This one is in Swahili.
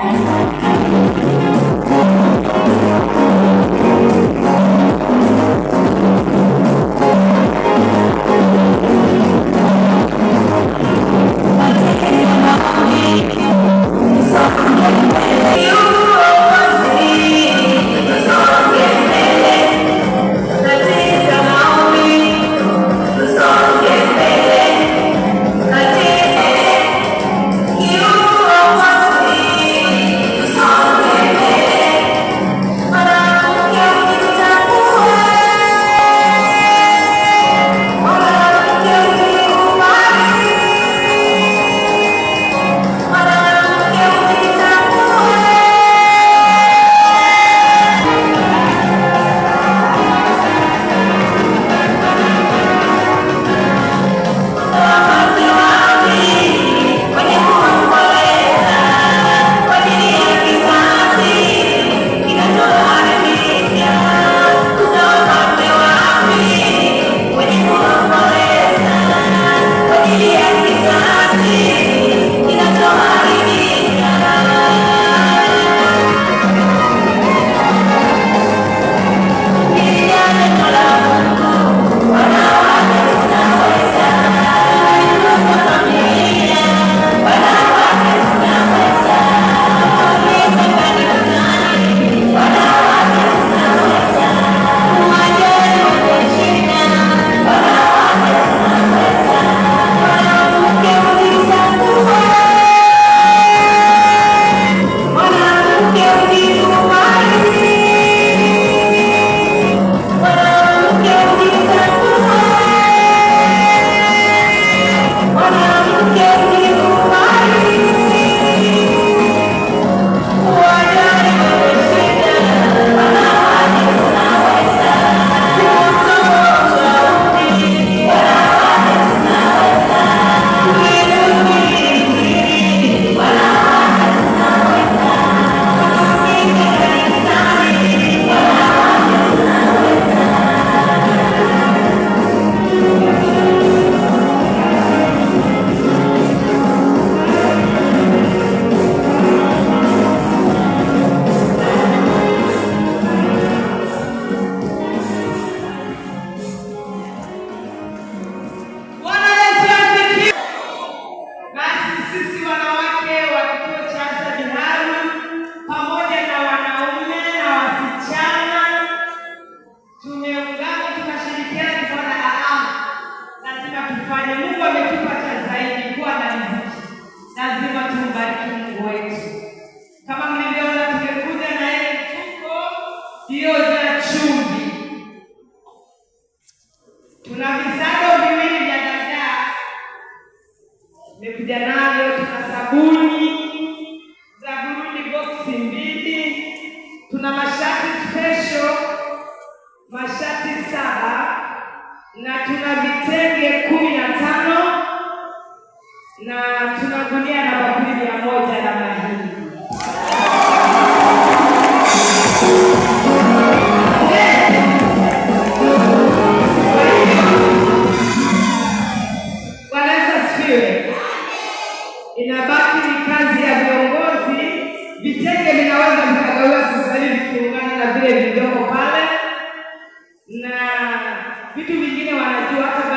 Thank you. iliyojaa chumvi. Tuna visado viwili vya dagaa, nimekuja navyo. Tuna sabuni za Burundi boksi mbili, tuna mashati special mashati saba na tuna vitenge kumi na tano. vitenge vinaweza vikagawiwa sasa hivi kulingana na vile vilivyoko pale na vitu vingine wanajua